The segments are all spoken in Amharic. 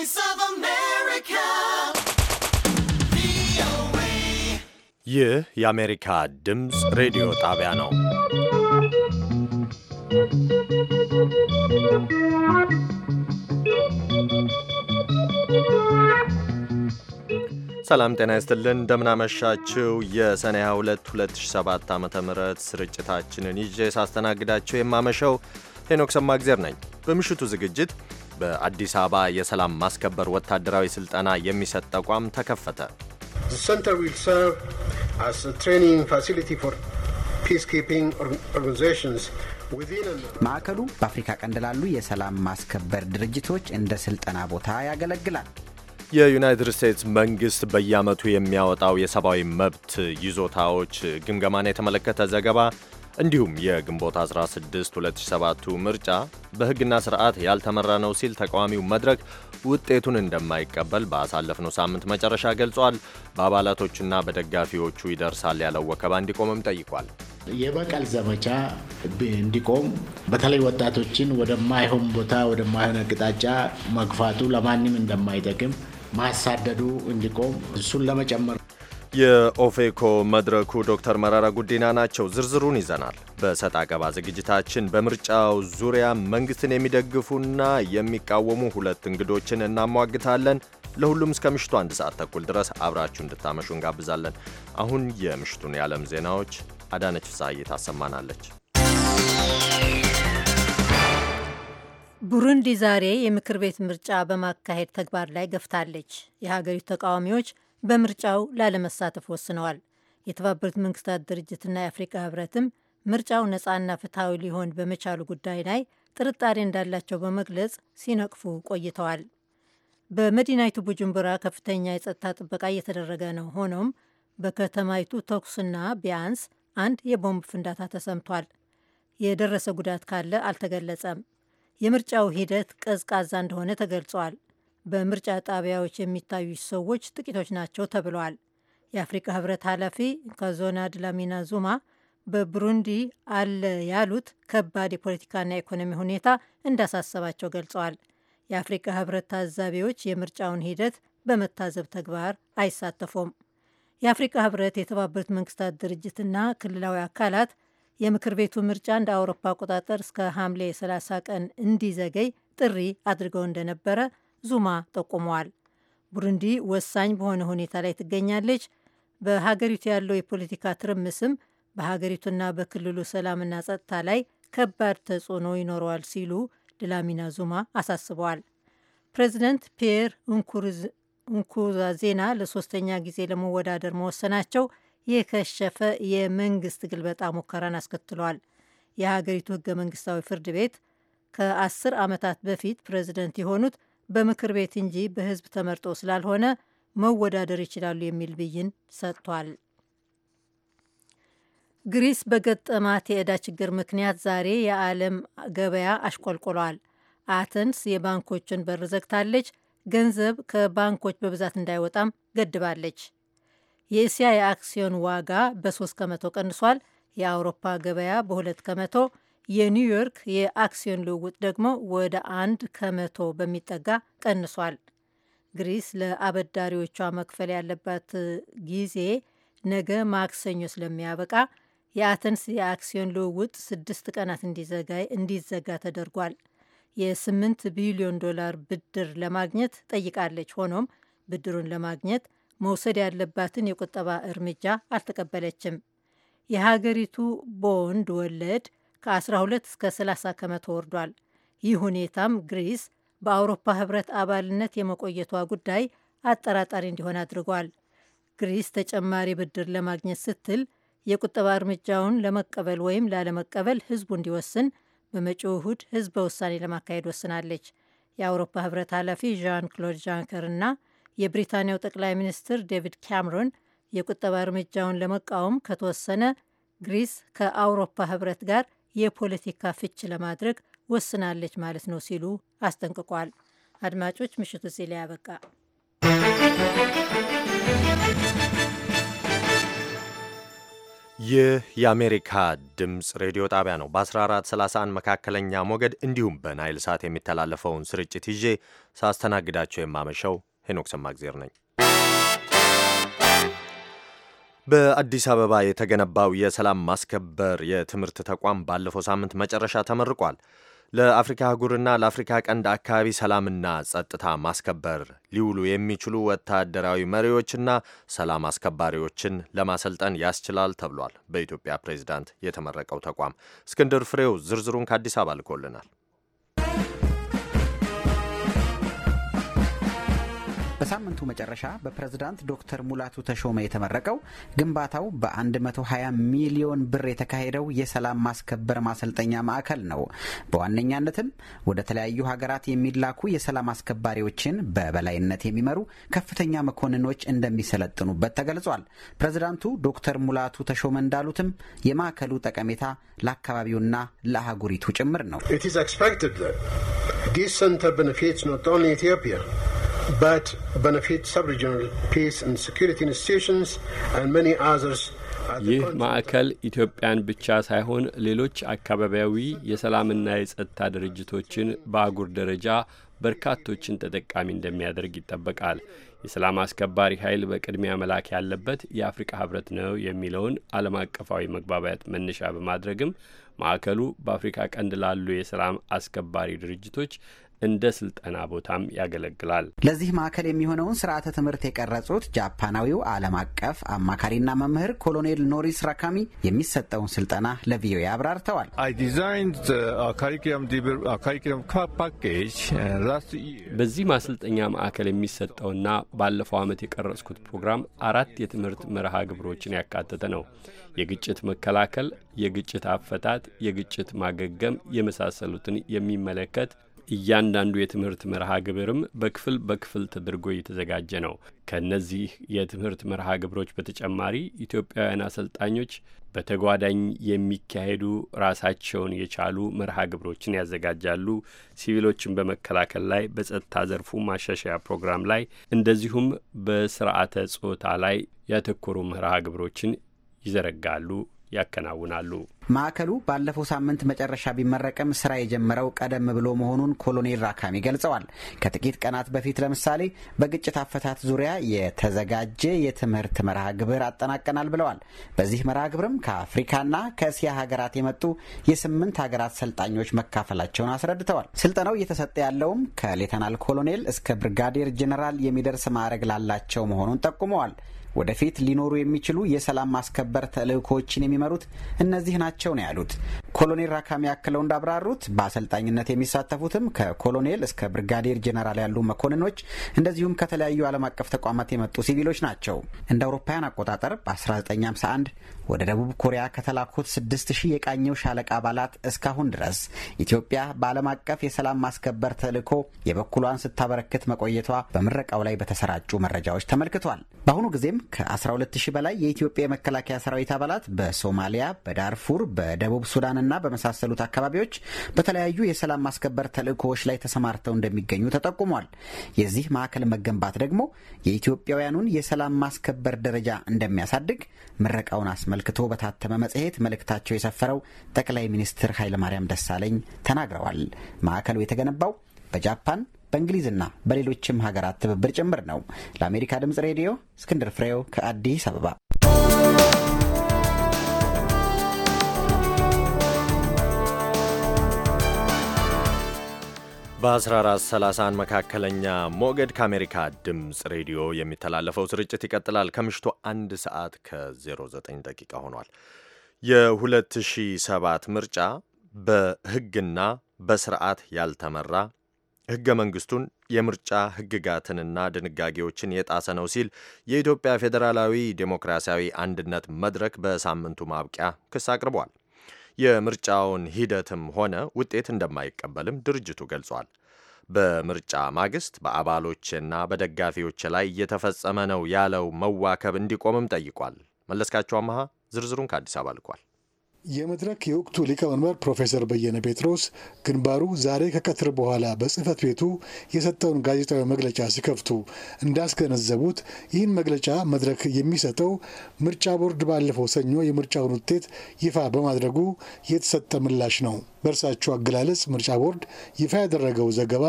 Voice of America. ይህ የአሜሪካ ድምፅ ሬዲዮ ጣቢያ ነው። ሰላም ጤና ይስጥልን። እንደምናመሻችው የሰኔ 22 2007 ዓ ም ስርጭታችንን ይዤ ሳስተናግዳቸው የማመሸው ሄኖክ ሰማግዜር ነኝ። በምሽቱ ዝግጅት በአዲስ አበባ የሰላም ማስከበር ወታደራዊ ስልጠና የሚሰጥ ተቋም ተከፈተ። ማዕከሉ በአፍሪካ ቀንድ ላሉ የሰላም ማስከበር ድርጅቶች እንደ ስልጠና ቦታ ያገለግላል። የዩናይትድ ስቴትስ መንግስት በየዓመቱ የሚያወጣው የሰብአዊ መብት ይዞታዎች ግምገማን የተመለከተ ዘገባ እንዲሁም የግንቦት 16 2007ቱ ምርጫ በሕግና ስርዓት ያልተመራ ነው ሲል ተቃዋሚው መድረክ ውጤቱን እንደማይቀበል በአሳለፍነው ሳምንት መጨረሻ ገልጿል። በአባላቶቹና በደጋፊዎቹ ይደርሳል ያለው ወከባ እንዲቆምም ጠይቋል። የበቀል ዘመቻ እንዲቆም በተለይ ወጣቶችን ወደማይሆን ቦታ ወደማይሆን አቅጣጫ መግፋቱ ለማንም እንደማይጠቅም ማሳደዱ እንዲቆም እሱን ለመጨመር የኦፌኮ መድረኩ ዶክተር መራራ ጉዲና ናቸው። ዝርዝሩን ይዘናል። በሰጥ አገባ ዝግጅታችን በምርጫው ዙሪያ መንግስትን የሚደግፉና የሚቃወሙ ሁለት እንግዶችን እናሟግታለን። ለሁሉም እስከ ምሽቱ አንድ ሰዓት ተኩል ድረስ አብራችሁ እንድታመሹ እንጋብዛለን። አሁን የምሽቱን የዓለም ዜናዎች አዳነች ፍሳይ ታሰማናለች። ቡሩንዲ ዛሬ የምክር ቤት ምርጫ በማካሄድ ተግባር ላይ ገፍታለች። የሀገሪቱ ተቃዋሚዎች በምርጫው ላለመሳተፍ ወስነዋል። የተባበሩት መንግስታት ድርጅትና የአፍሪካ ህብረትም ምርጫው ነፃና ፍትሐዊ ሊሆን በመቻሉ ጉዳይ ላይ ጥርጣሬ እንዳላቸው በመግለጽ ሲነቅፉ ቆይተዋል። በመዲናይቱ ቡጅምቡራ ከፍተኛ የጸጥታ ጥበቃ እየተደረገ ነው። ሆኖም በከተማይቱ ተኩስና ቢያንስ አንድ የቦምብ ፍንዳታ ተሰምቷል። የደረሰ ጉዳት ካለ አልተገለጸም። የምርጫው ሂደት ቀዝቃዛ እንደሆነ ተገልጿል። በምርጫ ጣቢያዎች የሚታዩ ሰዎች ጥቂቶች ናቸው ተብለዋል። የአፍሪካ ህብረት ኃላፊ ካዞና ድላሚና ዙማ በብሩንዲ አለ ያሉት ከባድ የፖለቲካና የኢኮኖሚ ሁኔታ እንዳሳሰባቸው ገልጸዋል። የአፍሪካ ህብረት ታዛቢዎች የምርጫውን ሂደት በመታዘብ ተግባር አይሳተፉም። የአፍሪካ ህብረት የተባበሩት መንግስታት ድርጅትና ክልላዊ አካላት የምክር ቤቱ ምርጫ እንደ አውሮፓ አቆጣጠር እስከ ሐምሌ 30 ቀን እንዲዘገይ ጥሪ አድርገው እንደነበረ ዙማ ጠቁመዋል። ቡሩንዲ ወሳኝ በሆነ ሁኔታ ላይ ትገኛለች። በሀገሪቱ ያለው የፖለቲካ ትርምስም በሀገሪቱና በክልሉ ሰላምና ጸጥታ ላይ ከባድ ተጽዕኖ ይኖረዋል ሲሉ ድላሚና ዙማ አሳስበዋል። ፕሬዚደንት ፒየር ዜና ለሶስተኛ ጊዜ ለመወዳደር መወሰናቸው የከሸፈ የመንግስት ግልበጣ ሙከራን አስከትሏል። የሀገሪቱ ህገ መንግስታዊ ፍርድ ቤት ከአስር ዓመታት በፊት ፕሬዚደንት የሆኑት በምክር ቤት እንጂ በህዝብ ተመርጦ ስላልሆነ መወዳደር ይችላሉ የሚል ብይን ሰጥቷል። ግሪስ በገጠማት የዕዳ ችግር ምክንያት ዛሬ የዓለም ገበያ አሽቆልቁሏል። አተንስ የባንኮችን በር ዘግታለች። ገንዘብ ከባንኮች በብዛት እንዳይወጣም ገድባለች። የእስያ የአክሲዮን ዋጋ በሶስት ከመቶ ቀንሷል። የአውሮፓ ገበያ በሁለት ከመቶ የኒውዮርክ የአክሲዮን ልውውጥ ደግሞ ወደ አንድ ከመቶ በሚጠጋ ቀንሷል። ግሪስ ለአበዳሪዎቿ መክፈል ያለባት ጊዜ ነገ ማክሰኞ ስለሚያበቃ የአተንስ የአክሲዮን ልውውጥ ስድስት ቀናት እንዲዘጋ ተደርጓል። የስምንት ቢሊዮን ዶላር ብድር ለማግኘት ጠይቃለች። ሆኖም ብድሩን ለማግኘት መውሰድ ያለባትን የቁጠባ እርምጃ አልተቀበለችም። የሀገሪቱ ቦንድ ወለድ ከ12 እስከ 30 ከመቶ ወርዷል። ይህ ሁኔታም ግሪስ በአውሮፓ ህብረት አባልነት የመቆየቷ ጉዳይ አጠራጣሪ እንዲሆን አድርጓል። ግሪስ ተጨማሪ ብድር ለማግኘት ስትል የቁጠባ እርምጃውን ለመቀበል ወይም ላለመቀበል ህዝቡ እንዲወስን በመጪው እሁድ ህዝበ ውሳኔ ለማካሄድ ወስናለች። የአውሮፓ ህብረት ኃላፊ ዣን ክሎድ ጃንከር እና የብሪታንያው ጠቅላይ ሚኒስትር ዴቪድ ካምሮን የቁጠባ እርምጃውን ለመቃወም ከተወሰነ ግሪስ ከአውሮፓ ህብረት ጋር የፖለቲካ ፍች ለማድረግ ወስናለች ማለት ነው ሲሉ አስጠንቅቋል። አድማጮች ምሽቱ እዚህ ላይ ያበቃ። ይህ የአሜሪካ ድምፅ ሬዲዮ ጣቢያ ነው። በ1431 መካከለኛ ሞገድ እንዲሁም በናይል ሳት የሚተላለፈውን ስርጭት ይዤ ሳስተናግዳቸው የማመሸው ሄኖክ ሰማግዜር ነኝ። በአዲስ አበባ የተገነባው የሰላም ማስከበር የትምህርት ተቋም ባለፈው ሳምንት መጨረሻ ተመርቋል። ለአፍሪካ አህጉርና ለአፍሪካ ቀንድ አካባቢ ሰላምና ጸጥታ ማስከበር ሊውሉ የሚችሉ ወታደራዊ መሪዎችና ሰላም አስከባሪዎችን ለማሰልጠን ያስችላል ተብሏል። በኢትዮጵያ ፕሬዝዳንት የተመረቀው ተቋም እስክንድር ፍሬው ዝርዝሩን ከአዲስ አበባ ልኮልናል። በሳምንቱ መጨረሻ በፕሬዝዳንት ዶክተር ሙላቱ ተሾመ የተመረቀው ግንባታው በ120 ሚሊዮን ብር የተካሄደው የሰላም ማስከበር ማሰልጠኛ ማዕከል ነው። በዋነኛነትም ወደ ተለያዩ ሀገራት የሚላኩ የሰላም አስከባሪዎችን በበላይነት የሚመሩ ከፍተኛ መኮንኖች እንደሚሰለጥኑበት ተገልጿል። ፕሬዝዳንቱ ዶክተር ሙላቱ ተሾመ እንዳሉትም የማዕከሉ ጠቀሜታ ለአካባቢውና ለአህጉሪቱ ጭምር ነው። but benefit sub-regional peace and security institutions and many others ይህ ማዕከል ኢትዮጵያን ብቻ ሳይሆን ሌሎች አካባቢያዊ የሰላምና የጸጥታ ድርጅቶችን በአጉር ደረጃ በርካቶችን ተጠቃሚ እንደሚያደርግ ይጠበቃል። የሰላም አስከባሪ ኃይል በቅድሚያ መላክ ያለበት የአፍሪካ ህብረት ነው የሚለውን ዓለም አቀፋዊ መግባባት መነሻ በማድረግም ማዕከሉ በአፍሪካ ቀንድ ላሉ የሰላም አስከባሪ ድርጅቶች እንደ ስልጠና ቦታም ያገለግላል። ለዚህ ማዕከል የሚሆነውን ስርዓተ ትምህርት የቀረጹት ጃፓናዊው ዓለም አቀፍ አማካሪና መምህር ኮሎኔል ኖሪስ ራካሚ የሚሰጠውን ስልጠና ለቪኦኤ አብራርተዋል። uh, uh, uh, በዚህ ማሰልጠኛ ማዕከል የሚሰጠውና ባለፈው ዓመት የቀረጽኩት ፕሮግራም አራት የትምህርት መርሃ ግብሮችን ያካተተ ነው። የግጭት መከላከል፣ የግጭት አፈታት፣ የግጭት ማገገም የመሳሰሉትን የሚመለከት እያንዳንዱ የትምህርት መርሃ ግብርም በክፍል በክፍል ተደርጎ እየተዘጋጀ ነው። ከእነዚህ የትምህርት መርሃ ግብሮች በተጨማሪ ኢትዮጵያውያን አሰልጣኞች በተጓዳኝ የሚካሄዱ ራሳቸውን የቻሉ መርሃ ግብሮችን ያዘጋጃሉ። ሲቪሎችን በመከላከል ላይ፣ በጸጥታ ዘርፉ ማሻሻያ ፕሮግራም ላይ እንደዚሁም በስርዓተ ጾታ ላይ ያተኮሩ መርሃ ግብሮችን ይዘረጋሉ፣ ያከናውናሉ። ማዕከሉ ባለፈው ሳምንት መጨረሻ ቢመረቅም ስራ የጀመረው ቀደም ብሎ መሆኑን ኮሎኔል ራካሚ ገልጸዋል። ከጥቂት ቀናት በፊት ለምሳሌ በግጭት አፈታት ዙሪያ የተዘጋጀ የትምህርት መርሃ ግብር አጠናቀናል ብለዋል። በዚህ መርሃ ግብርም ከአፍሪካና ከእስያ ሀገራት የመጡ የስምንት ሀገራት ሰልጣኞች መካፈላቸውን አስረድተዋል። ስልጠናው እየተሰጠ ያለውም ከሌተናል ኮሎኔል እስከ ብርጋዴር ጄኔራል የሚደርስ ማዕረግ ላላቸው መሆኑን ጠቁመዋል። ወደፊት ሊኖሩ የሚችሉ የሰላም ማስከበር ተልእኮዎችን የሚመሩት እነዚህ ናቸው ነው ያሉት። ኮሎኔል ራካሚ ያክለው እንዳብራሩት በአሰልጣኝነት የሚሳተፉትም ከኮሎኔል እስከ ብርጋዴር ጄኔራል ያሉ መኮንኖች እንደዚሁም ከተለያዩ ዓለም አቀፍ ተቋማት የመጡ ሲቪሎች ናቸው። እንደ አውሮፓውያን አቆጣጠር በ1951 ወደ ደቡብ ኮሪያ ከተላኩት ስድስት ሺህ የቃኘው ሻለቃ አባላት እስካሁን ድረስ ኢትዮጵያ በዓለም አቀፍ የሰላም ማስከበር ተልዕኮ የበኩሏን ስታበረክት መቆየቷ በምረቃው ላይ በተሰራጩ መረጃዎች ተመልክቷል። በአሁኑ ጊዜም ከ12000 በላይ የኢትዮጵያ የመከላከያ ሰራዊት አባላት በሶማሊያ፣ በዳርፉር፣ በደቡብ ሱዳንና በመሳሰሉት አካባቢዎች በተለያዩ የሰላም ማስከበር ተልዕኮዎች ላይ ተሰማርተው እንደሚገኙ ተጠቁሟል። የዚህ ማዕከል መገንባት ደግሞ የኢትዮጵያውያኑን የሰላም ማስከበር ደረጃ እንደሚያሳድግ ምረቃውን አስመል አስመልክቶ በታተመ መጽሔት መልእክታቸው የሰፈረው ጠቅላይ ሚኒስትር ኃይለማርያም ደሳለኝ ተናግረዋል። ማዕከሉ የተገነባው በጃፓን በእንግሊዝና በሌሎችም ሀገራት ትብብር ጭምር ነው። ለአሜሪካ ድምፅ ሬዲዮ እስክንድር ፍሬው ከአዲስ አበባ በ1431 መካከለኛ ሞገድ ከአሜሪካ ድምፅ ሬዲዮ የሚተላለፈው ስርጭት ይቀጥላል። ከምሽቱ አንድ ሰዓት ከ09 ደቂቃ ሆኗል። የ2007 ምርጫ በህግና በስርዓት ያልተመራ ህገ መንግስቱን የምርጫ ህግጋትንና ድንጋጌዎችን የጣሰ ነው ሲል የኢትዮጵያ ፌዴራላዊ ዴሞክራሲያዊ አንድነት መድረክ በሳምንቱ ማብቂያ ክስ አቅርቧል። የምርጫውን ሂደትም ሆነ ውጤት እንደማይቀበልም ድርጅቱ ገልጿል። በምርጫ ማግስት በአባሎችና በደጋፊዎች ላይ እየተፈጸመ ነው ያለው መዋከብ እንዲቆምም ጠይቋል። መለስካቸው አመሃ ዝርዝሩን ከአዲስ አበባ ልኳል። የመድረክ የወቅቱ ሊቀመንበር ፕሮፌሰር በየነ ጴጥሮስ ግንባሩ ዛሬ ከቀትር በኋላ በጽህፈት ቤቱ የሰጠውን ጋዜጣዊ መግለጫ ሲከፍቱ እንዳስገነዘቡት ይህን መግለጫ መድረክ የሚሰጠው ምርጫ ቦርድ ባለፈው ሰኞ የምርጫውን ውጤት ይፋ በማድረጉ የተሰጠ ምላሽ ነው። በእርሳቸው አገላለጽ ምርጫ ቦርድ ይፋ ያደረገው ዘገባ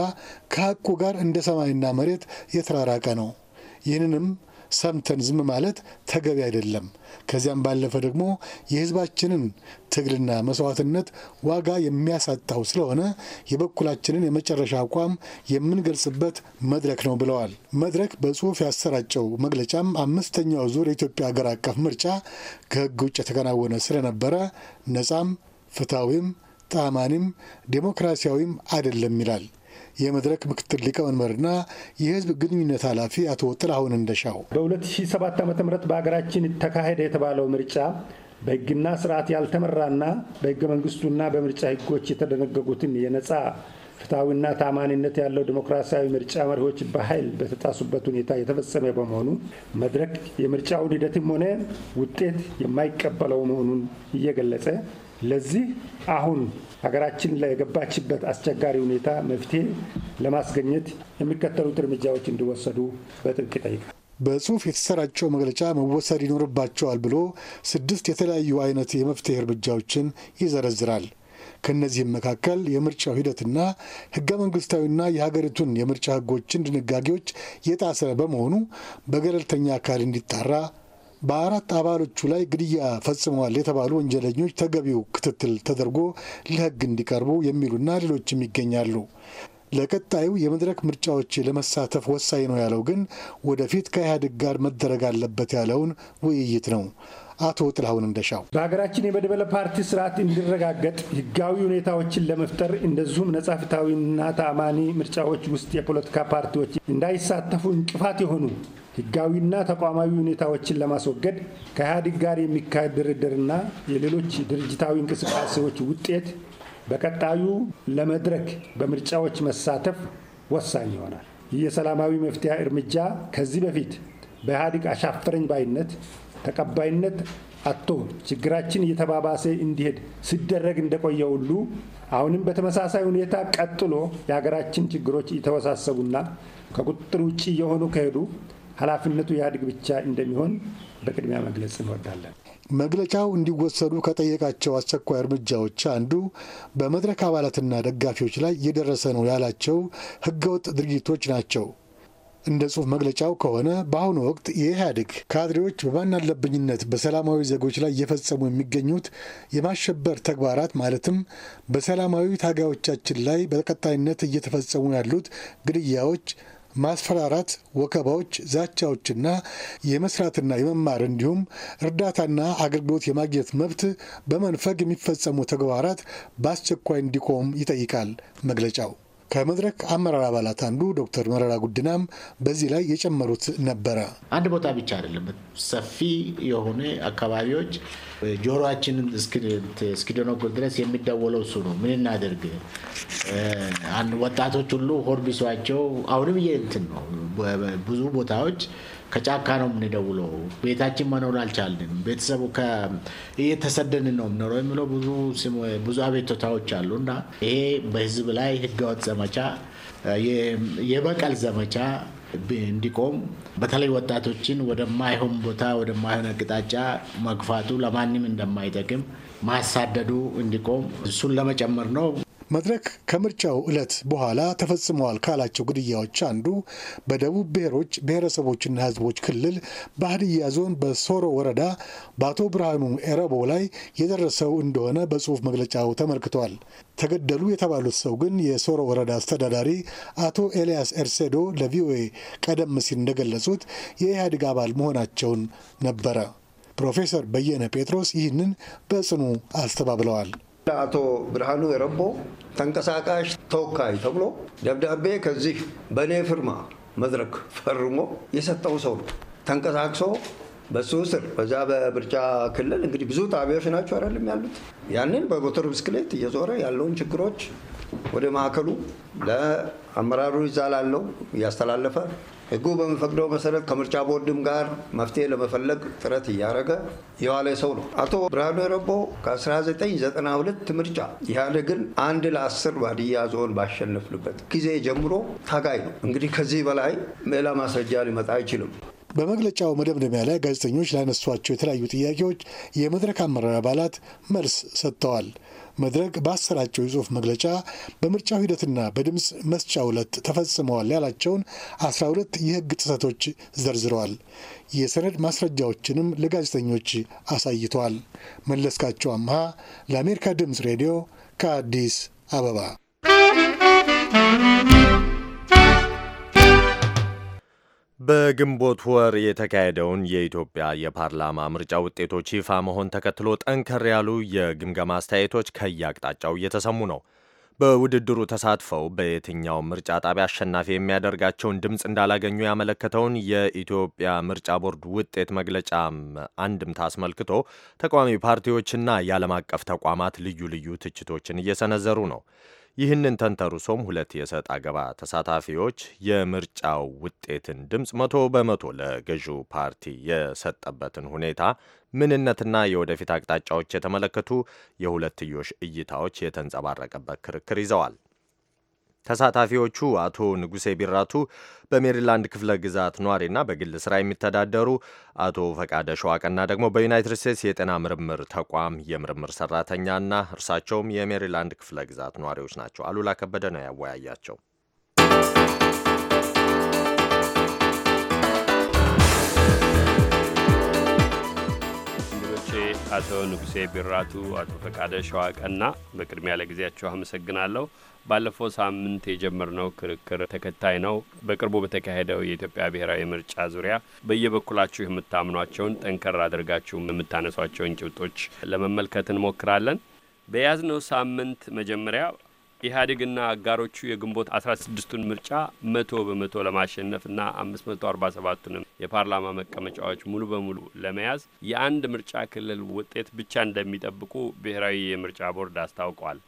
ከሐቁ ጋር እንደ ሰማይና መሬት የተራራቀ ነው። ይህንንም ሰምተን ዝም ማለት ተገቢ አይደለም። ከዚያም ባለፈ ደግሞ የህዝባችንን ትግልና መስዋዕትነት ዋጋ የሚያሳጣው ስለሆነ የበኩላችንን የመጨረሻ አቋም የምንገልጽበት መድረክ ነው ብለዋል። መድረክ በጽሁፍ ያሰራጨው መግለጫም አምስተኛው ዙር የኢትዮጵያ ሀገር አቀፍ ምርጫ ከህግ ውጭ የተከናወነ ስለነበረ ነጻም፣ ፍትሐዊም፣ ተአማኒም ዴሞክራሲያዊም አይደለም ይላል። የመድረክ ምክትል ሊቀመንበርና የህዝብ ግንኙነት ኃላፊ አቶ ጥላሁን እንደሻው በ2007 ዓ ም በሀገራችን ተካሄደ የተባለው ምርጫ በህግና ስርዓት ያልተመራና በህገ መንግስቱና በምርጫ ህጎች የተደነገጉትን የነፃ ፍትሐዊና ታማኒነት ያለው ዲሞክራሲያዊ ምርጫ መሪዎች በኃይል በተጣሱበት ሁኔታ የተፈጸመ በመሆኑ መድረክ የምርጫውን ሂደትም ሆነ ውጤት የማይቀበለው መሆኑን እየገለጸ ለዚህ አሁን ሀገራችን ላይ የገባችበት አስቸጋሪ ሁኔታ መፍትሄ ለማስገኘት የሚከተሉት እርምጃዎች እንዲወሰዱ በጥብቅ ይጠይቃል። በጽሁፍ የተሰራጨው መግለጫ መወሰድ ይኖርባቸዋል ብሎ ስድስት የተለያዩ አይነት የመፍትሄ እርምጃዎችን ይዘረዝራል። ከእነዚህም መካከል የምርጫው ሂደትና ህገ መንግስታዊና የሀገሪቱን የምርጫ ህጎችን ድንጋጌዎች የጣሰ በመሆኑ በገለልተኛ አካል እንዲጣራ በአራት አባሎቹ ላይ ግድያ ፈጽመዋል የተባሉ ወንጀለኞች ተገቢው ክትትል ተደርጎ ለሕግ እንዲቀርቡ የሚሉና ሌሎችም ይገኛሉ። ለቀጣዩ የመድረክ ምርጫዎች ለመሳተፍ ወሳኝ ነው ያለው ግን ወደፊት ከኢህአዴግ ጋር መደረግ አለበት ያለውን ውይይት ነው። አቶ ጥላሁን እንደሻው በሀገራችን የመድበለ ፓርቲ ስርዓት እንዲረጋገጥ ህጋዊ ሁኔታዎችን ለመፍጠር እንደዚሁም ነጻ ፍትሐዊና ተአማኒ ምርጫዎች ውስጥ የፖለቲካ ፓርቲዎች እንዳይሳተፉ እንቅፋት የሆኑ ህጋዊና ተቋማዊ ሁኔታዎችን ለማስወገድ ከኢህአዴግ ጋር የሚካሄድ ድርድርና የሌሎች ድርጅታዊ እንቅስቃሴዎች ውጤት በቀጣዩ ለመድረክ በምርጫዎች መሳተፍ ወሳኝ ይሆናል። ይህ የሰላማዊ መፍትሄ እርምጃ ከዚህ በፊት በኢህአዴግ አሻፈረኝ ባይነት ተቀባይነት አቶ ችግራችን እየተባባሰ እንዲሄድ ሲደረግ እንደቆየ ሁሉ አሁንም በተመሳሳይ ሁኔታ ቀጥሎ የሀገራችን ችግሮች እየተወሳሰቡና ከቁጥጥር ውጭ እየሆኑ ከሄዱ ኃላፊነቱ ኢህአዴግ ብቻ እንደሚሆን በቅድሚያ መግለጽ እንወዳለን። መግለጫው እንዲወሰዱ ከጠየቃቸው አስቸኳይ እርምጃዎች አንዱ በመድረክ አባላትና ደጋፊዎች ላይ እየደረሰ ነው ያላቸው ህገወጥ ድርጊቶች ናቸው። እንደ ጽሁፍ መግለጫው ከሆነ በአሁኑ ወቅት የኢህአዴግ ካድሬዎች በማን አለብኝነት በሰላማዊ ዜጎች ላይ እየፈጸሙ የሚገኙት የማሸበር ተግባራት ማለትም በሰላማዊ ታጋዮቻችን ላይ በቀጣይነት እየተፈጸሙ ያሉት ግድያዎች ማስፈራራት፣ ወከባዎች፣ ዛቻዎችና የመስራትና የመማር እንዲሁም እርዳታና አገልግሎት የማግኘት መብት በመንፈግ የሚፈጸሙ ተግባራት በአስቸኳይ እንዲቆም ይጠይቃል መግለጫው። ከመድረክ አመራር አባላት አንዱ ዶክተር መረራ ጉድናም በዚህ ላይ የጨመሩት ነበረ። አንድ ቦታ ብቻ አይደለም፣ ሰፊ የሆነ አካባቢዎች ጆሮአችንን እስኪደነጉር ድረስ የሚደወለው እሱ ነው። ምን እናደርግ? ወጣቶች ሁሉ ሆርቢሷቸው አሁንም እየእንትን ነው ብዙ ቦታዎች ከጫካ ነው የምንደውለው፣ ቤታችን መኖር አልቻልንም፣ ቤተሰቡ እየተሰደድን ነው የምኖረው የሚለው ብዙ አቤቶታዎች አሉ እና ይሄ በህዝብ ላይ ህገወጥ ዘመቻ የበቀል ዘመቻ እንዲቆም በተለይ ወጣቶችን ወደማይሆን ቦታ ወደማይሆን አቅጣጫ መግፋቱ ለማንም እንደማይጠቅም ማሳደዱ እንዲቆም እሱን ለመጨመር ነው። መድረክ ከምርጫው ዕለት በኋላ ተፈጽመዋል ካላቸው ግድያዎች አንዱ በደቡብ ብሔሮች ብሔረሰቦችና ሕዝቦች ክልል በሀድያ ዞን በሶሮ ወረዳ በአቶ ብርሃኑ ኤረቦ ላይ የደረሰው እንደሆነ በጽሁፍ መግለጫው ተመልክቷል። ተገደሉ የተባሉት ሰው ግን የሶሮ ወረዳ አስተዳዳሪ አቶ ኤልያስ ኤርሴዶ ለቪኦኤ ቀደም ሲል እንደገለጹት የኢህአዴግ አባል መሆናቸውን ነበረ። ፕሮፌሰር በየነ ጴጥሮስ ይህንን በጽኑ አስተባብለዋል። አቶ ብርሃኑ የረቦ ተንቀሳቃሽ ተወካይ ተብሎ ደብዳቤ ከዚህ በእኔ ፍርማ መድረክ ፈርሞ የሰጠው ሰው ነው። ተንቀሳቅሶ በሱ ስር በዛ በምርጫ ክልል እንግዲህ ብዙ ጣቢያዎች ናቸው አይደለም ያሉት። ያንን በሞተር ብስክሌት እየዞረ ያለውን ችግሮች ወደ ማዕከሉ አመራሩ ይዛላለው እያስተላለፈ ህጉ በሚፈቅደው መሰረት ከምርጫ ቦርድም ጋር መፍትሄ ለመፈለግ ጥረት እያደረገ የዋለ ሰው ነው። አቶ ብርሃኑ ረቦ ከ1992 ምርጫ ኢህአዴግን አንድ ለአስር ባድያ ዞን ባሸነፍንበት ጊዜ ጀምሮ ታጋይ ነው። እንግዲህ ከዚህ በላይ ሌላ ማስረጃ ሊመጣ አይችልም። በመግለጫው መደምደሚያ ላይ ጋዜጠኞች ላነሷቸው የተለያዩ ጥያቄዎች የመድረክ አመራር አባላት መልስ ሰጥተዋል። መድረክ ባሰራቸው የጽሁፍ መግለጫ በምርጫው ሂደትና በድምፅ መስጫ ዕለት ተፈጽመዋል ያላቸውን 12 የህግ ጥሰቶች ዘርዝረዋል። የሰነድ ማስረጃዎችንም ለጋዜጠኞች አሳይተዋል። መለስካቸው አምሃ ለአሜሪካ ድምፅ ሬዲዮ ከአዲስ አበባ በግንቦት ወር የተካሄደውን የኢትዮጵያ የፓርላማ ምርጫ ውጤቶች ይፋ መሆን ተከትሎ ጠንከር ያሉ የግምገማ አስተያየቶች ከየአቅጣጫው እየተሰሙ ነው። በውድድሩ ተሳትፈው በየትኛው ምርጫ ጣቢያ አሸናፊ የሚያደርጋቸውን ድምፅ እንዳላገኙ ያመለከተውን የኢትዮጵያ ምርጫ ቦርድ ውጤት መግለጫ አንድምታ አስመልክቶ ተቃዋሚ ፓርቲዎችና የዓለም አቀፍ ተቋማት ልዩ ልዩ ትችቶችን እየሰነዘሩ ነው። ይህንን ተንተርሶም ሁለት የሰጥ አገባ ተሳታፊዎች የምርጫው ውጤትን ድምፅ መቶ በመቶ ለገዢው ፓርቲ የሰጠበትን ሁኔታ ምንነትና የወደፊት አቅጣጫዎች የተመለከቱ የሁለትዮሽ እይታዎች የተንጸባረቀበት ክርክር ይዘዋል። ተሳታፊዎቹ አቶ ንጉሴ ቢራቱ በሜሪላንድ ክፍለ ግዛት ነዋሪና በግል ስራ የሚተዳደሩ፣ አቶ ፈቃደ ሸዋቀና ደግሞ በዩናይትድ ስቴትስ የጤና ምርምር ተቋም የምርምር ሰራተኛና እርሳቸውም የሜሪላንድ ክፍለ ግዛት ኗሪዎች ናቸው። አሉላ ከበደ ነው ያወያያቸው። አቶ ንጉሴ ቢራቱ፣ አቶ ፈቃደ ሸዋቀና በቅድሚያ ለጊዜያቸው አመሰግናለሁ። ባለፈው ሳምንት የጀመርነው ክርክር ተከታይ ነው። በቅርቡ በተካሄደው የኢትዮጵያ ብሔራዊ ምርጫ ዙሪያ በየበኩላችሁ የምታምኗቸውን ጠንከር አድርጋችሁ የምታነሷቸውን ጭብጦች ለመመልከት እንሞክራለን። በያዝነው ሳምንት መጀመሪያ ኢህአዴግና አጋሮቹ የግንቦት 16ቱን ምርጫ መቶ በመቶ ለማሸነፍና 547ቱንም የፓርላማ መቀመጫዎች ሙሉ በሙሉ ለመያዝ የአንድ ምርጫ ክልል ውጤት ብቻ እንደሚጠብቁ ብሔራዊ የምርጫ ቦርድ አስታውቋል።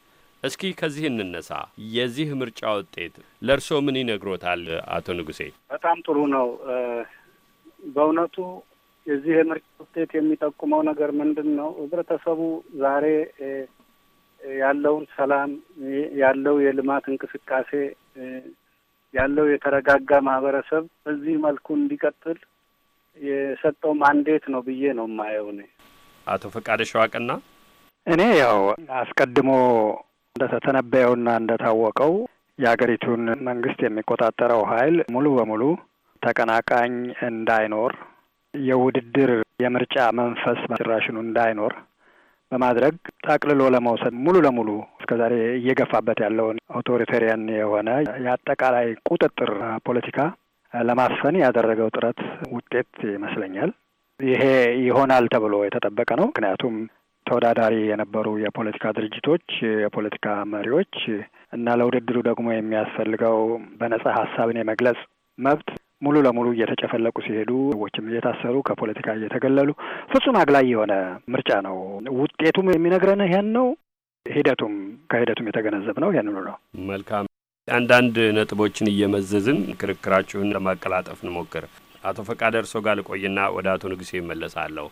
እስኪ ከዚህ እንነሳ። የዚህ ምርጫ ውጤት ለእርስዎ ምን ይነግሮታል? አቶ ንጉሴ፣ በጣም ጥሩ ነው። በእውነቱ የዚህ የምርጫ ውጤት የሚጠቁመው ነገር ምንድን ነው? ህብረተሰቡ ዛሬ ያለውን ሰላም፣ ያለው የልማት እንቅስቃሴ፣ ያለው የተረጋጋ ማህበረሰብ በዚህ መልኩ እንዲቀጥል የሰጠው ማንዴት ነው ብዬ ነው የማየው። እኔ አቶ ፈቃደ ሸዋቅና እኔ ያው አስቀድሞ እንደተተነበየውና እንደታወቀው የሀገሪቱን መንግስት የሚቆጣጠረው ኃይል ሙሉ በሙሉ ተቀናቃኝ እንዳይኖር የውድድር የምርጫ መንፈስ ጭራሽኑ እንዳይኖር በማድረግ ጠቅልሎ ለመውሰድ ሙሉ ለሙሉ እስከዛሬ እየገፋበት ያለውን አውቶሪታሪያን የሆነ የአጠቃላይ ቁጥጥር ፖለቲካ ለማስፈን ያደረገው ጥረት ውጤት ይመስለኛል። ይሄ ይሆናል ተብሎ የተጠበቀ ነው። ምክንያቱም ተወዳዳሪ የነበሩ የፖለቲካ ድርጅቶች፣ የፖለቲካ መሪዎች እና ለውድድሩ ደግሞ የሚያስፈልገው በነጻ ሀሳብን የመግለጽ መብት ሙሉ ለሙሉ እየተጨፈለቁ ሲሄዱ ሰዎችም እየታሰሩ ከፖለቲካ እየተገለሉ ፍጹም አግላይ የሆነ ምርጫ ነው። ውጤቱም የሚነግረን ይሄን ነው። ሂደቱም ከሂደቱም የተገነዘብ ነው ይህንኑ ነው። መልካም አንዳንድ ነጥቦችን እየመዘዝን ክርክራችሁን ለማቀላጠፍ እንሞክር። አቶ ፈቃደ እርሶ ጋር ልቆይና ወደ አቶ ንጉሴ ይመለሳለሁ።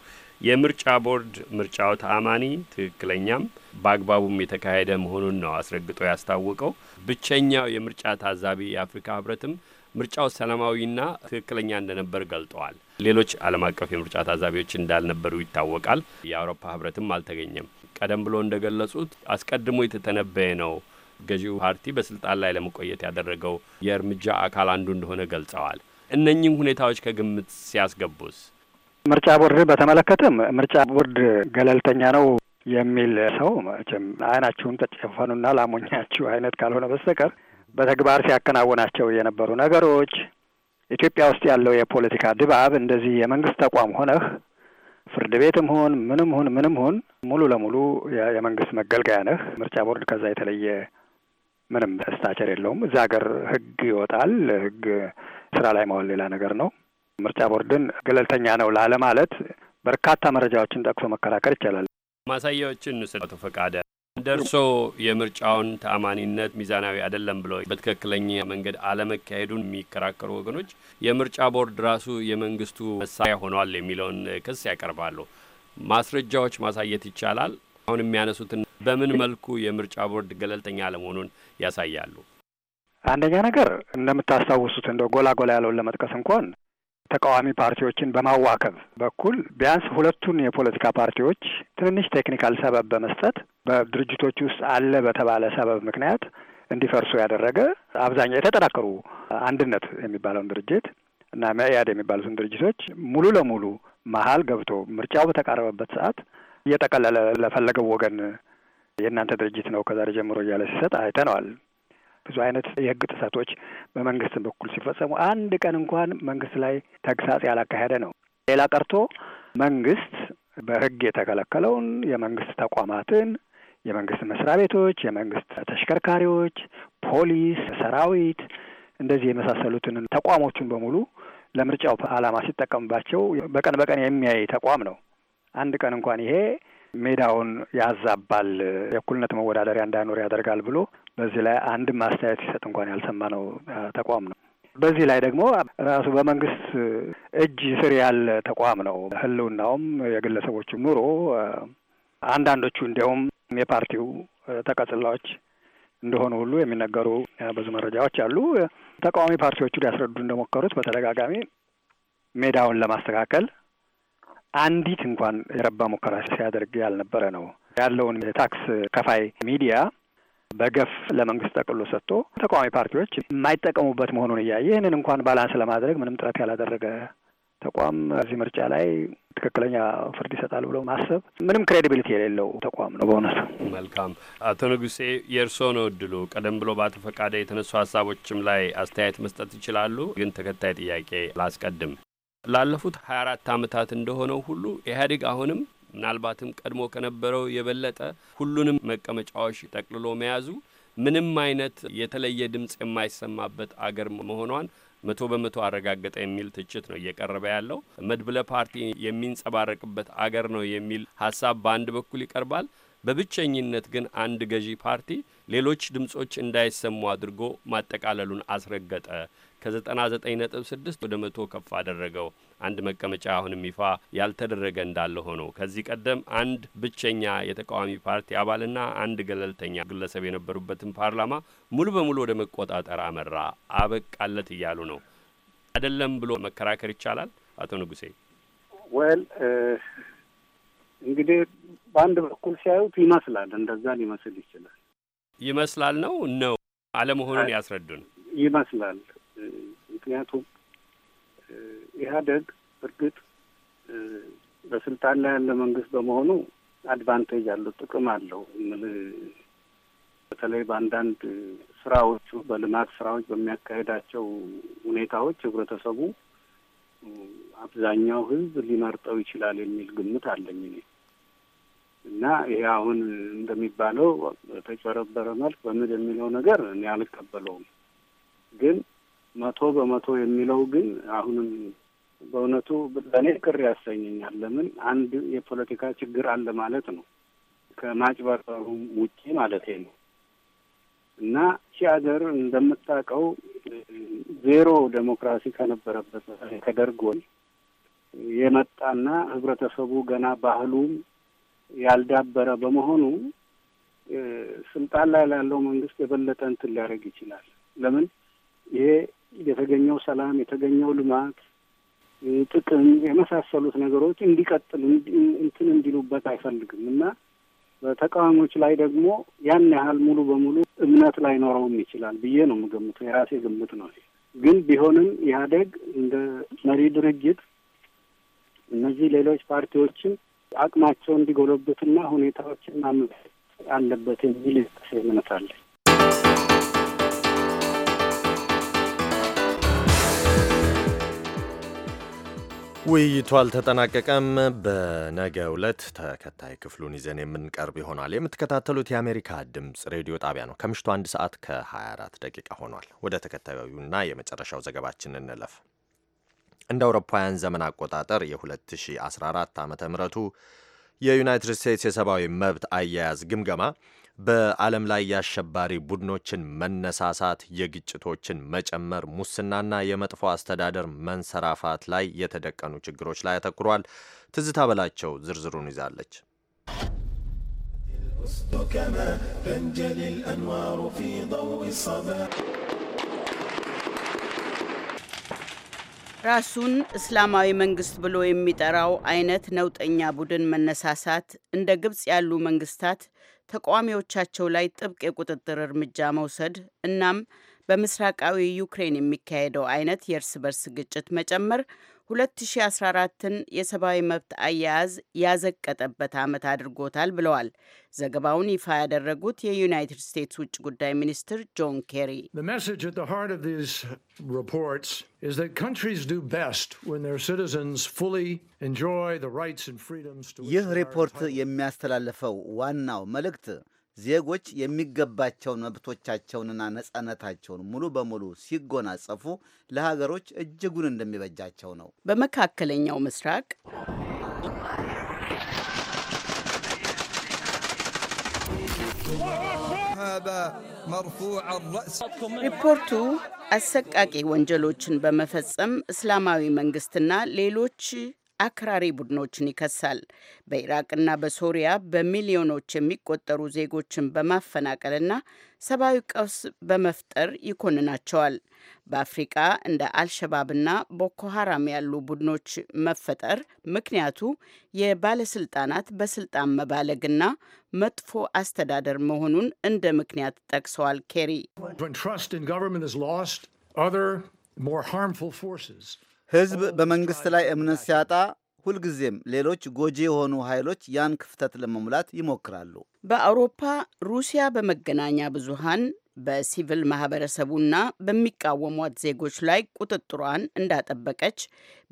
የምርጫ ቦርድ ምርጫው ተአማኒ ትክክለኛም በአግባቡም የተካሄደ መሆኑን ነው አስረግጦ ያስታወቀው። ብቸኛው የምርጫ ታዛቢ የአፍሪካ ህብረትም ምርጫው ሰላማዊና ትክክለኛ እንደነበር ገልጠዋል። ሌሎች ዓለም አቀፍ የምርጫ ታዛቢዎች እንዳልነበሩ ይታወቃል። የአውሮፓ ህብረትም አልተገኘም። ቀደም ብሎ እንደገለጹት አስቀድሞ የተተነበየ ነው ገዢው ፓርቲ በስልጣን ላይ ለመቆየት ያደረገው የእርምጃ አካል አንዱ እንደሆነ ገልጸዋል። እነኚህም ሁኔታዎች ከግምት ሲያስገቡስ ምርጫ ቦርድ በተመለከተም ምርጫ ቦርድ ገለልተኛ ነው የሚል ሰው መቼም አይናችሁን ተጨፈኑና ላሞኛችሁ አይነት ካልሆነ በስተቀር በተግባር ሲያከናውናቸው የነበሩ ነገሮች፣ ኢትዮጵያ ውስጥ ያለው የፖለቲካ ድባብ እንደዚህ የመንግስት ተቋም ሆነህ ፍርድ ቤትም ሁን ምንም ሁን ምንም ሁን ሙሉ ለሙሉ የመንግስት መገልገያ ነህ። ምርጫ ቦርድ ከዛ የተለየ ምንም ስታቸር የለውም። እዚ ሀገር ህግ ይወጣል። ህግ ስራ ላይ መዋል ሌላ ነገር ነው። ምርጫ ቦርድን ገለልተኛ ነው ላለማለት በርካታ መረጃዎችን ጠቅሶ መከራከር ይቻላል። ማሳያዎችን አቶ ፈቃደ ደርሶ የምርጫውን ተአማኒነት ሚዛናዊ አይደለም ብለው በትክክለኛ መንገድ አለመካሄዱን የሚከራከሩ ወገኖች የምርጫ ቦርድ ራሱ የመንግስቱ መሳሪያ ሆኗል የሚለውን ክስ ያቀርባሉ። ማስረጃዎች ማሳየት ይቻላል? አሁን የሚያነሱትን በምን መልኩ የምርጫ ቦርድ ገለልተኛ አለመሆኑን ያሳያሉ? አንደኛ ነገር እንደምታስታውሱት እንደ ጎላ ጎላ ያለውን ለመጥቀስ እንኳን ተቃዋሚ ፓርቲዎችን በማዋከብ በኩል ቢያንስ ሁለቱን የፖለቲካ ፓርቲዎች ትንንሽ ቴክኒካል ሰበብ በመስጠት በድርጅቶች ውስጥ አለ በተባለ ሰበብ ምክንያት እንዲፈርሱ ያደረገ አብዛኛው የተጠናከሩ አንድነት የሚባለውን ድርጅት እና መኢአድ የሚባሉትን ድርጅቶች ሙሉ ለሙሉ መሀል ገብቶ ምርጫው በተቃረበበት ሰዓት እየጠቀለለ ለፈለገው ወገን የእናንተ ድርጅት ነው ከዛሬ ጀምሮ እያለ ሲሰጥ አይተነዋል። ብዙ አይነት የህግ ጥሰቶች በመንግስት በኩል ሲፈጸሙ አንድ ቀን እንኳን መንግስት ላይ ተግሳጽ ያላካሄደ ነው። ሌላ ቀርቶ መንግስት በህግ የተከለከለውን የመንግስት ተቋማትን የመንግስት መስሪያ ቤቶች፣ የመንግስት ተሽከርካሪዎች፣ ፖሊስ፣ ሰራዊት እንደዚህ የመሳሰሉትን ተቋሞቹን በሙሉ ለምርጫው አላማ ሲጠቀምባቸው በቀን በቀን የሚያይ ተቋም ነው። አንድ ቀን እንኳን ይሄ ሜዳውን ያዛባል፣ የእኩልነት መወዳደሪያ እንዳይኖር ያደርጋል ብሎ በዚህ ላይ አንድ ማስተያየት ሲሰጥ እንኳን ያልሰማነው ተቋም ነው። በዚህ ላይ ደግሞ ራሱ በመንግስት እጅ ስር ያለ ተቋም ነው። ህልውናውም የግለሰቦቹ ኑሮ፣ አንዳንዶቹ እንዲያውም የፓርቲው ተቀጽላዎች እንደሆኑ ሁሉ የሚነገሩ ብዙ መረጃዎች አሉ። ተቃዋሚ ፓርቲዎቹ ሊያስረዱ እንደሞከሩት በተደጋጋሚ ሜዳውን ለማስተካከል አንዲት እንኳን የረባ ሙከራ ሲያደርግ ያልነበረ ነው። ያለውን የታክስ ከፋይ ሚዲያ በገፍ ለመንግስት ጠቅሎ ሰጥቶ ተቃዋሚ ፓርቲዎች የማይጠቀሙበት መሆኑን እያየ ይህንን እንኳን ባላንስ ለማድረግ ምንም ጥረት ያላደረገ ተቋም እዚህ ምርጫ ላይ ትክክለኛ ፍርድ ይሰጣል ብሎ ማሰብ ምንም ክሬዲቢሊቲ የሌለው ተቋም ነው በእውነቱ መልካም አቶ ንጉሴ የእርስዎ ነው እድሉ። ቀደም ብሎ በአቶ ፈቃደ የተነሱ ሀሳቦችም ላይ አስተያየት መስጠት ይችላሉ። ግን ተከታይ ጥያቄ ላስቀድም። ላለፉት 24 ዓመታት እንደሆነው ሁሉ ኢህአዴግ አሁንም ምናልባትም ቀድሞ ከነበረው የበለጠ ሁሉንም መቀመጫዎች ጠቅልሎ መያዙ ምንም አይነት የተለየ ድምፅ የማይሰማበት አገር መሆኗን መቶ በመቶ አረጋገጠ የሚል ትችት ነው እየቀረበ ያለው። መድብለ ፓርቲ የሚንጸባረቅበት አገር ነው የሚል ሀሳብ በአንድ በኩል ይቀርባል። በብቸኝነት ግን አንድ ገዢ ፓርቲ ሌሎች ድምጾች እንዳይሰሙ አድርጎ ማጠቃለሉን አስረገጠ ከ99.6 ወደ መቶ ከፍ አደረገው። አንድ መቀመጫ አሁንም ይፋ ያልተደረገ እንዳለ ሆኖ ከዚህ ቀደም አንድ ብቸኛ የተቃዋሚ ፓርቲ አባልና አንድ ገለልተኛ ግለሰብ የነበሩበትን ፓርላማ ሙሉ በሙሉ ወደ መቆጣጠር አመራ። አበቃለት እያሉ ነው። አይደለም ብሎ መከራከር ይቻላል። አቶ ንጉሴ ወል እንግዲህ በአንድ በኩል ሲያዩት ይመስላል እንደዛ ሊመስል ይችላል። ይመስላል ነው ነው አለመሆኑን ያስረዱን። ይመስላል ምክንያቱም ኢህአደግ እርግጥ በስልጣን ላይ ያለ መንግስት በመሆኑ አድቫንቴጅ አለው፣ ጥቅም አለው። በተለይ በአንዳንድ ስራዎቹ በልማት ስራዎች በሚያካሄዳቸው ሁኔታዎች ህብረተሰቡ አብዛኛው ህዝብ ሊመርጠው ይችላል የሚል ግምት አለኝ እኔ እና ይሄ አሁን እንደሚባለው በተጨረበረ መልክ በምን የሚለው ነገር እኔ አልቀበለውም። ግን መቶ በመቶ የሚለው ግን አሁንም በእውነቱ ለእኔ ቅር ያሰኘኛል። ለምን አንድ የፖለቲካ ችግር አለ ማለት ነው ከማጭበርበሩም ውጪ ማለት ነው። እና ሺ ሀገር እንደምታውቀው ዜሮ ዴሞክራሲ ከነበረበት ተደርጎ የመጣና ህብረተሰቡ ገና ባህሉም ያልዳበረ በመሆኑ ስልጣን ላይ ላለው መንግስት የበለጠ እንትን ሊያደርግ ይችላል። ለምን ይሄ የተገኘው ሰላም፣ የተገኘው ልማት፣ ጥቅም የመሳሰሉት ነገሮች እንዲቀጥሉ እንትን እንዲሉበት አይፈልግም እና በተቃዋሚዎች ላይ ደግሞ ያን ያህል ሙሉ በሙሉ እምነት ላይኖረውም ይችላል ብዬ ነው የምገምተው። የራሴ ግምት ነው። ግን ቢሆንም ኢህአዴግ እንደ መሪ ድርጅት እነዚህ ሌሎች ፓርቲዎችን አቅማቸው እንዲጎለብትና ሁኔታዎችን ማመ አለበት የሚል እምነት አለኝ። ውይይቱ አልተጠናቀቀም። በነገ ዕለት ተከታይ ክፍሉን ይዘን የምንቀርብ ይሆናል። የምትከታተሉት የአሜሪካ ድምፅ ሬዲዮ ጣቢያ ነው። ከምሽቱ አንድ ሰዓት ከ24 ደቂቃ ሆኗል። ወደ ተከታዩና የመጨረሻው ዘገባችን እንለፍ። እንደ አውሮፓውያን ዘመን አቆጣጠር የ2014 ዓ ምቱ የዩናይትድ ስቴትስ የሰብአዊ መብት አያያዝ ግምገማ በዓለም ላይ የአሸባሪ ቡድኖችን መነሳሳት፣ የግጭቶችን መጨመር፣ ሙስናና የመጥፎ አስተዳደር መንሰራፋት ላይ የተደቀኑ ችግሮች ላይ ያተኩሯል። ትዝታ በላቸው ዝርዝሩን ይዛለች። ራሱን እስላማዊ መንግስት ብሎ የሚጠራው አይነት ነውጠኛ ቡድን መነሳሳት እንደ ግብፅ ያሉ መንግስታት ተቃዋሚዎቻቸው ላይ ጥብቅ የቁጥጥር እርምጃ መውሰድ እናም በምስራቃዊ ዩክሬን የሚካሄደው አይነት የእርስ በርስ ግጭት መጨመር 2014ን የሰብአዊ መብት አያያዝ ያዘቀጠበት ዓመት አድርጎታል ብለዋል። ዘገባውን ይፋ ያደረጉት የዩናይትድ ስቴትስ ውጭ ጉዳይ ሚኒስትር ጆን ኬሪ ይህ ሪፖርት የሚያስተላልፈው ዋናው መልእክት ዜጎች የሚገባቸውን መብቶቻቸውንና ነጻነታቸውን ሙሉ በሙሉ ሲጎናጸፉ ለሀገሮች እጅጉን እንደሚበጃቸው ነው። በመካከለኛው ምስራቅ ሪፖርቱ አሰቃቂ ወንጀሎችን በመፈጸም እስላማዊ መንግስትና ሌሎች አክራሪ ቡድኖችን ይከሳል። በኢራቅና በሶሪያ በሚሊዮኖች የሚቆጠሩ ዜጎችን በማፈናቀልና ሰብአዊ ቀውስ በመፍጠር ይኮንናቸዋል። በአፍሪቃ እንደ አልሸባብና ቦኮ ሀራም ያሉ ቡድኖች መፈጠር ምክንያቱ የባለስልጣናት በስልጣን መባለግና መጥፎ አስተዳደር መሆኑን እንደ ምክንያት ጠቅሰዋል ኬሪ ህዝብ በመንግስት ላይ እምነት ሲያጣ ሁልጊዜም ሌሎች ጎጂ የሆኑ ኃይሎች ያን ክፍተት ለመሙላት ይሞክራሉ። በአውሮፓ ሩሲያ በመገናኛ ብዙሃን በሲቪል ማህበረሰቡና በሚቃወሟት ዜጎች ላይ ቁጥጥሯን እንዳጠበቀች፣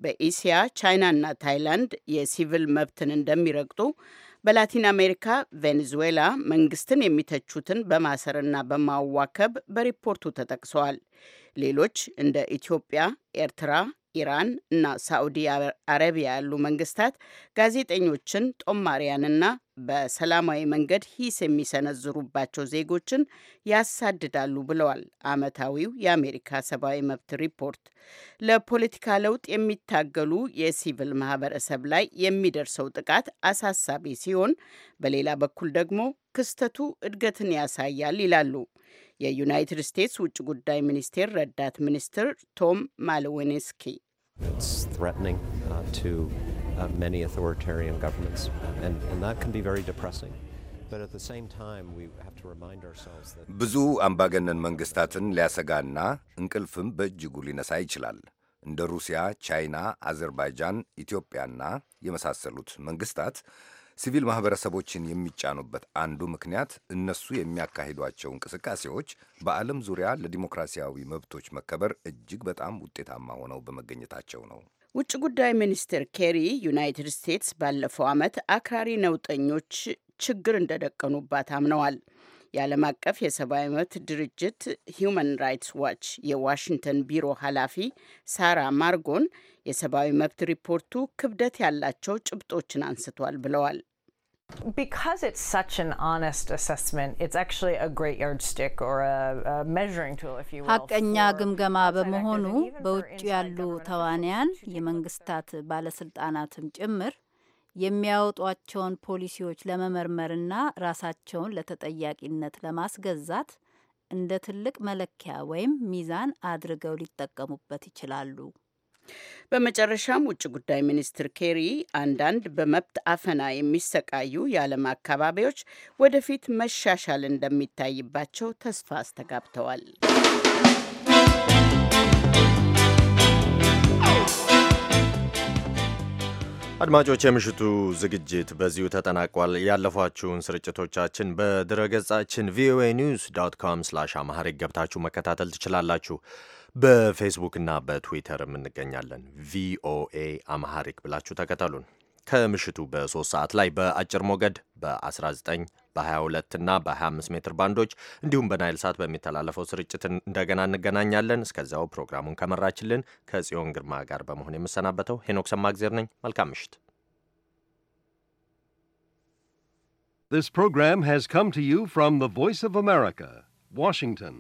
በኢሲያ ቻይናና ታይላንድ የሲቪል መብትን እንደሚረግጡ በላቲን አሜሪካ ቬኔዙዌላ መንግስትን የሚተቹትን በማሰርና በማዋከብ በሪፖርቱ ተጠቅሰዋል። ሌሎች እንደ ኢትዮጵያ፣ ኤርትራ፣ ኢራን እና ሳዑዲ አረቢያ ያሉ መንግስታት ጋዜጠኞችን፣ ጦማሪያንና በሰላማዊ መንገድ ሂስ የሚሰነዝሩባቸው ዜጎችን ያሳድዳሉ ብለዋል ዓመታዊው የአሜሪካ ሰብአዊ መብት ሪፖርት። ለፖለቲካ ለውጥ የሚታገሉ የሲቪል ማህበረሰብ ላይ የሚደርሰው ጥቃት አሳሳቢ ሲሆን፣ በሌላ በኩል ደግሞ ክስተቱ እድገትን ያሳያል ይላሉ የዩናይትድ ስቴትስ ውጭ ጉዳይ ሚኒስቴር ረዳት ሚኒስትር ቶም ማልዊንስኪ። Uh, many authoritarian governments. Um, and, and that can be very depressing. ብዙ አምባገነን መንግስታትን ሊያሰጋና እንቅልፍም በእጅጉ ሊነሳ ይችላል። እንደ ሩሲያ፣ ቻይና፣ አዘርባይጃን፣ ኢትዮጵያና የመሳሰሉት መንግስታት ሲቪል ማኅበረሰቦችን የሚጫኑበት አንዱ ምክንያት እነሱ የሚያካሂዷቸው እንቅስቃሴዎች በዓለም ዙሪያ ለዲሞክራሲያዊ መብቶች መከበር እጅግ በጣም ውጤታማ ሆነው በመገኘታቸው ነው። ውጭ ጉዳይ ሚኒስትር ኬሪ ዩናይትድ ስቴትስ ባለፈው ዓመት አክራሪ ነውጠኞች ችግር እንደደቀኑባት አምነዋል። የዓለም አቀፍ የሰብአዊ መብት ድርጅት ሂዩማን ራይትስ ዋች የዋሽንግተን ቢሮ ኃላፊ ሳራ ማርጎን የሰብአዊ መብት ሪፖርቱ ክብደት ያላቸው ጭብጦችን አንስቷል ብለዋል። Because it's such an honest assessment, it's actually a great yardstick or a, a measuring tool, if you will. ሀቀኛ ግምገማ በመሆኑ በውጭ ያሉ ተዋንያን የመንግስታት ባለስልጣናትም ጭምር የሚያወጧቸውን ፖሊሲዎች ለመመርመርና ራሳቸውን ለተጠያቂነት ለማስገዛት እንደ ትልቅ መለኪያ ወይም ሚዛን አድርገው ሊጠቀሙበት ይችላሉ። በመጨረሻም ውጭ ጉዳይ ሚኒስትር ኬሪ አንዳንድ በመብት አፈና የሚሰቃዩ የዓለም አካባቢዎች ወደፊት መሻሻል እንደሚታይባቸው ተስፋ አስተጋብተዋል። አድማጮች የምሽቱ ዝግጅት በዚሁ ተጠናቋል። ያለፏችሁን ስርጭቶቻችን በድረገጻችን ቪኦኤ ኒውስ ዶት ኮም ስላሽ አማሐሪክ ገብታችሁ መከታተል ትችላላችሁ። በፌስቡክና በትዊተርም እንገኛለን። ቪኦኤ አምሃሪክ ብላችሁ ተከተሉን። ከምሽቱ በሶስት ሰዓት ላይ በአጭር ሞገድ በ19 በ22 እና በ25 ሜትር ባንዶች እንዲሁም በናይል ሳት በሚተላለፈው ስርጭት እንደገና እንገናኛለን። እስከዚያው ፕሮግራሙን ከመራችልን ከጽዮን ግርማ ጋር በመሆን የምሰናበተው ሄኖክ ሰማግዜር ነኝ። መልካም ምሽት። This program has come to you from the Voice of America, Washington.